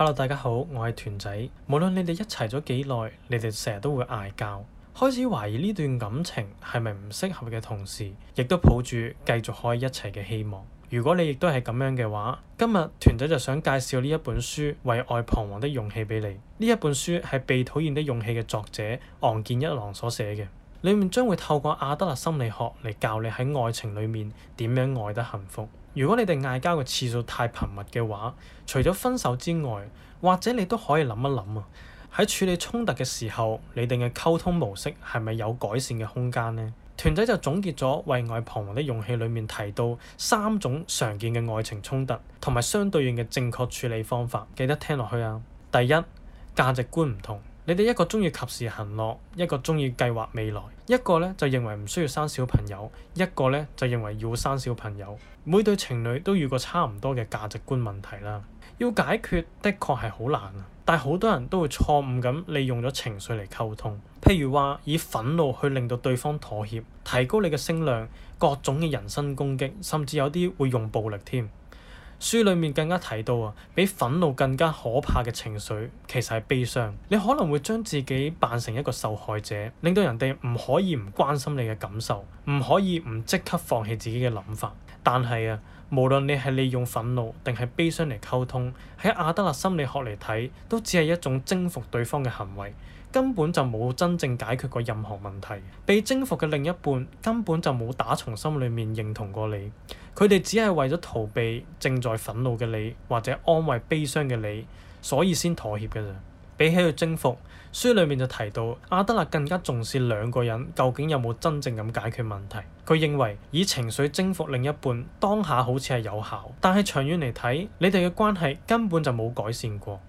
hello，大家好，我係團仔。無論你哋一齊咗幾耐，你哋成日都會嗌交，開始懷疑呢段感情係咪唔適合嘅同時，亦都抱住繼續可以一齊嘅希望。如果你亦都係咁樣嘅話，今日團仔就想介紹呢一本書《為愛彷徨的勇氣》俾你。呢一本書係被討厭的勇氣嘅作者岸見一郎所寫嘅，裏面將會透過阿德勒心理學嚟教你喺愛情裏面點樣愛得幸福。如果你哋嗌交嘅次數太頻密嘅話，除咗分手之外，或者你都可以諗一諗啊。喺處理衝突嘅時候，你哋嘅溝通模式係咪有改善嘅空間呢？團仔就總結咗《為愛徬徨的勇氣》裏面提到三種常見嘅愛情衝突同埋相對應嘅正確處理方法，記得聽落去啊！第一，價值觀唔同。你哋一個鍾意及時行樂，一個鍾意計劃未來，一個呢就認為唔需要生小朋友，一個呢就認為要生小朋友。每對情侶都遇過差唔多嘅價值觀問題啦。要解決的確係好難，但係好多人都會錯誤咁利用咗情緒嚟溝通，譬如話以憤怒去令到對方妥協，提高你嘅聲量，各種嘅人身攻擊，甚至有啲會用暴力添。書裡面更加提到啊，比憤怒更加可怕嘅情緒其實係悲傷。你可能會將自己扮成一個受害者，令到人哋唔可以唔關心你嘅感受，唔可以唔即刻放棄自己嘅諗法。但係啊，無論你係利用憤怒定係悲傷嚟溝通，喺阿德勒心理學嚟睇，都只係一種征服對方嘅行為，根本就冇真正解決過任何問題。被征服嘅另一半根本就冇打從心裡面認同過你。佢哋只係為咗逃避正在憤怒嘅你，或者安慰悲傷嘅你，所以先妥協嘅咋。比起佢征服，書裏面就提到阿德勒更加重視兩個人究竟有冇真正咁解決問題。佢認為以情緒征服另一半，當下好似係有效，但係長遠嚟睇，你哋嘅關係根本就冇改善過，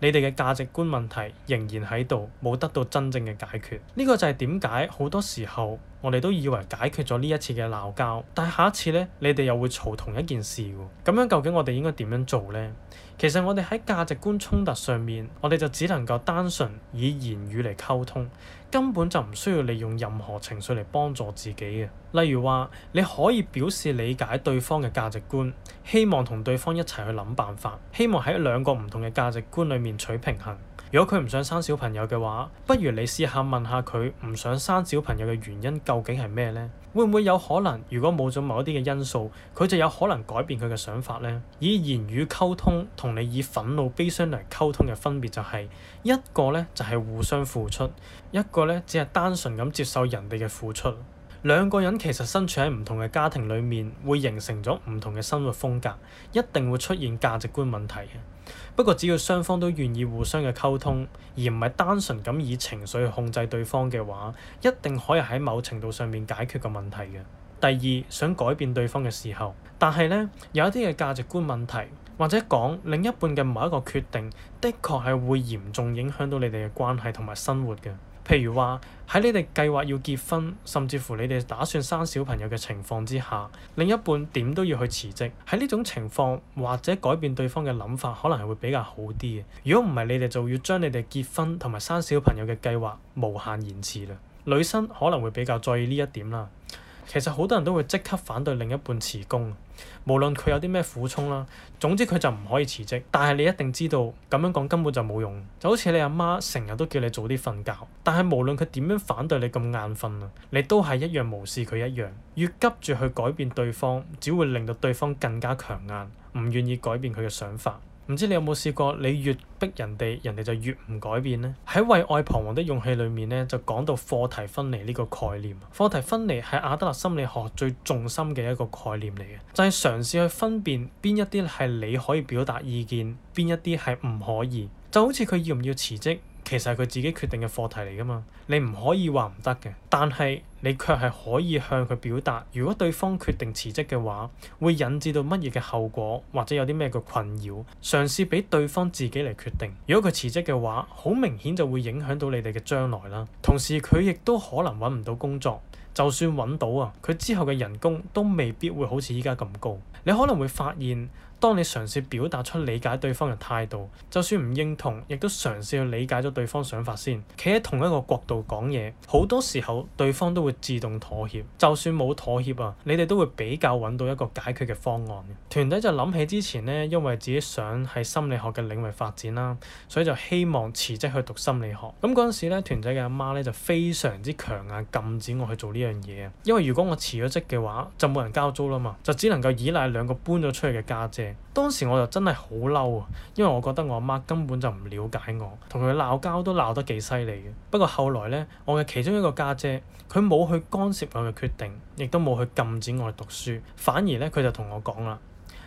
你哋嘅價值觀問題仍然喺度，冇得到真正嘅解決。呢個就係點解好多時候，我哋都以為解決咗呢一次嘅鬧交，但係下一次呢，你哋又會吵同一件事喎。咁樣究竟我哋應該點樣做呢？其實我哋喺價值觀衝突上面，我哋就只能夠單純以言語嚟溝通，根本就唔需要利用任何情緒嚟幫助自己嘅。例如話，你可以表示理解對方嘅價值觀，希望同對方一齊去諗辦法，希望喺兩個唔同嘅價值觀裡面取平衡。如果佢唔想生小朋友嘅話，不如你試下問下佢唔想生小朋友嘅原因究竟係咩呢？會唔會有可能，如果冇咗某一啲嘅因素，佢就有可能改變佢嘅想法呢？以言語溝通同你以憤怒、悲傷嚟溝通嘅分別就係一個呢，就係互相付出，一個呢，只係單純咁接受人哋嘅付出。兩個人其實身處喺唔同嘅家庭裏面，會形成咗唔同嘅生活風格，一定會出現價值觀問題嘅。不過只要雙方都願意互相嘅溝通，而唔係單純咁以情緒去控制對方嘅話，一定可以喺某程度上面解決個問題嘅。第二，想改變對方嘅時候，但係呢有一啲嘅價值觀問題，或者講另一半嘅某一個決定，的確係會嚴重影響到你哋嘅關係同埋生活嘅。譬如話，喺你哋計劃要結婚，甚至乎你哋打算生小朋友嘅情況之下，另一半點都要去辭職。喺呢種情況，或者改變對方嘅諗法，可能係會比較好啲嘅。如果唔係，你哋就要將你哋結婚同埋生小朋友嘅計劃無限延遲啦。女生可能會比較在意呢一點啦。其實好多人都會即刻反對另一半辭工，無論佢有啲咩苦衷啦，總之佢就唔可以辭職。但係你一定知道，咁樣講根本就冇用。就好似你阿媽成日都叫你早啲瞓覺，但係無論佢點樣反對你咁眼瞓啊，你都係一樣無視佢一樣。越急住去改變對方，只會令到對方更加強硬，唔願意改變佢嘅想法。唔知你有冇試過？你越逼人哋，人哋就越唔改變呢。喺為愛徬徨的勇氣裏面咧，就講到課題分離呢個概念。課題分離係阿德勒心理學最重心嘅一個概念嚟嘅，就係嘗試去分辨邊一啲係你可以表達意見，邊一啲係唔可以。就好似佢要唔要辭職，其實係佢自己決定嘅課題嚟噶嘛，你唔可以話唔得嘅。但係你卻係可以向佢表達，如果對方決定辭職嘅話，會引致到乜嘢嘅後果，或者有啲咩嘅困擾？嘗試俾對方自己嚟決定，如果佢辭職嘅話，好明顯就會影響到你哋嘅將來啦。同時佢亦都可能揾唔到工作，就算揾到啊，佢之後嘅人工都未必會好似依家咁高。你可能會發現，當你嘗試表達出理解對方嘅態度，就算唔認同，亦都嘗試去理解咗對方想法先，企喺同一個角度講嘢，好多時候對方都會。會自動妥協，就算冇妥協啊，你哋都會比較揾到一個解決嘅方案嘅。團仔就諗起之前呢，因為自己想喺心理學嘅領域發展啦，所以就希望辭職去讀心理學。咁嗰陣時呢，團仔嘅阿媽呢，就非常之強硬禁止我去做呢樣嘢啊。因為如果我辭咗職嘅話，就冇人交租啦嘛，就只能夠依賴兩個搬咗出去嘅家姐。當時我就真係好嬲啊，因為我覺得我阿媽根本就唔了解我，同佢鬧交都鬧得幾犀利嘅。不過後來呢，我嘅其中一個家姐，佢冇，冇去干涉我嘅決定，亦都冇去禁止我讀書，反而咧佢就同我講啦：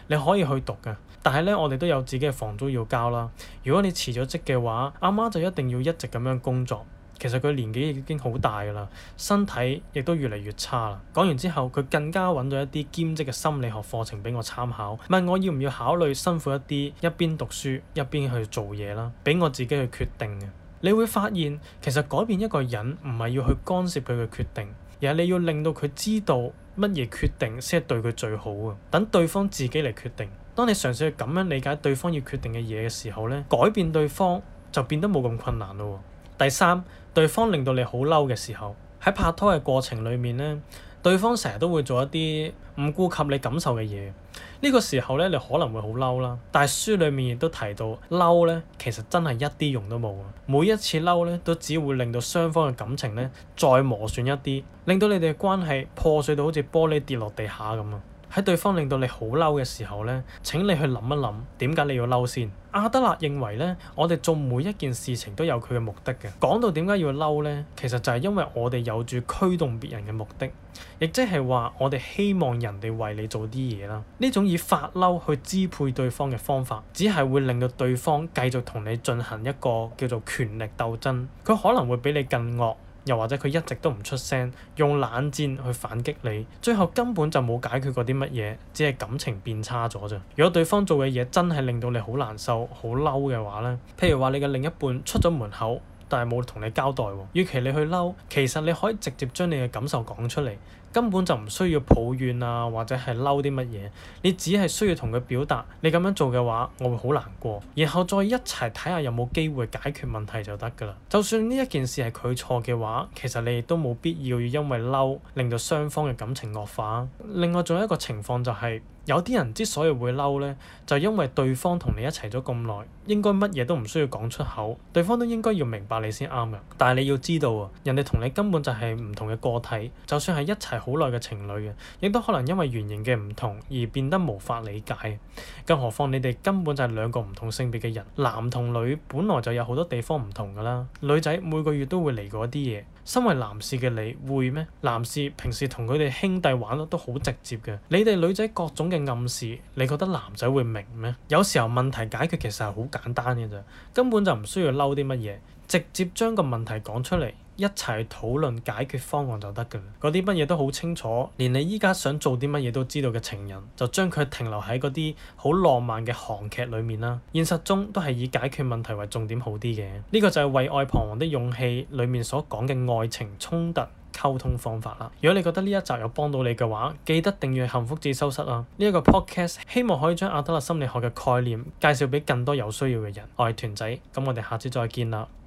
你可以去讀嘅，但係咧我哋都有自己嘅房租要交啦。如果你辭咗職嘅話，阿媽就一定要一直咁樣工作。其實佢年紀已經好大㗎啦，身體亦都越嚟越差啦。講完之後，佢更加揾咗一啲兼職嘅心理學課程俾我參考，問我要唔要考慮辛苦一啲，一邊讀書一邊去做嘢啦，俾我自己去決定嘅。你會發現其實改變一個人唔係要去干涉佢嘅決定，而係你要令到佢知道乜嘢決定先係對佢最好嘅。等對方自己嚟決定。當你嘗試去咁樣理解對方要決定嘅嘢嘅時候咧，改變對方就變得冇咁困難咯。第三，對方令到你好嬲嘅時候，喺拍拖嘅過程裡面咧，對方成日都會做一啲唔顧及你感受嘅嘢。呢個時候呢，你可能會好嬲啦，但係書裡面亦都提到嬲呢，其實真係一啲用都冇啊！每一次嬲呢，都只會令到雙方嘅感情呢再磨損一啲，令到你哋嘅關係破碎到好似玻璃跌落地下咁啊！喺對方令到你好嬲嘅時候咧，請你去諗一諗點解你要嬲先。阿德勒認為咧，我哋做每一件事情都有佢嘅目的嘅。講到點解要嬲咧，其實就係因為我哋有住驅動別人嘅目的，亦即係話我哋希望人哋為你做啲嘢啦。呢種以發嬲去支配對方嘅方法，只係會令到對方繼續同你進行一個叫做權力鬥爭，佢可能會比你更惡。又或者佢一直都唔出聲，用冷戰去反擊你，最後根本就冇解決過啲乜嘢，只係感情變差咗咋。如果對方做嘅嘢真係令到你好難受、好嬲嘅話咧，譬如話你嘅另一半出咗門口。但係冇同你交代喎、哦，與其你去嬲，其實你可以直接將你嘅感受講出嚟，根本就唔需要抱怨啊，或者係嬲啲乜嘢，你只係需要同佢表達，你咁樣做嘅話，我會好難過，然後再一齊睇下有冇機會解決問題就得㗎啦。就算呢一件事係佢錯嘅話，其實你亦都冇必要要因為嬲令到雙方嘅感情惡化。另外仲有一個情況就係、是。有啲人之所以會嬲咧，就因為對方同你一齊咗咁耐，應該乜嘢都唔需要講出口，對方都應該要明白你先啱嘅。但係你要知道啊，人哋同你根本就係唔同嘅個體，就算係一齊好耐嘅情侶啊，亦都可能因為原型嘅唔同而變得無法理解。更何況你哋根本就係兩個唔同性別嘅人，男同女本來就有好多地方唔同㗎啦。女仔每個月都會嚟過一啲嘢。身為男士嘅你會咩？男士平時同佢哋兄弟玩得都好直接嘅，你哋女仔各種嘅暗示，你覺得男仔會明咩？有時候問題解決其實係好簡單嘅啫，根本就唔需要嬲啲乜嘢。直接將個問題講出嚟，一齊討論解決方案就得㗎啦。嗰啲乜嘢都好清楚，連你依家想做啲乜嘢都知道嘅情人，就將佢停留喺嗰啲好浪漫嘅韓劇裏面啦。現實中都係以解決問題為重點好啲嘅。呢、這個就係《為愛徬徨的勇氣》裏面所講嘅愛情衝突溝通方法啦。如果你覺得呢一集有幫到你嘅話，記得訂閱《幸福自修室》啊。呢一、這個 Podcast 希望可以將阿德勒心理學嘅概念介紹俾更多有需要嘅人。我係團仔，咁我哋下次再見啦。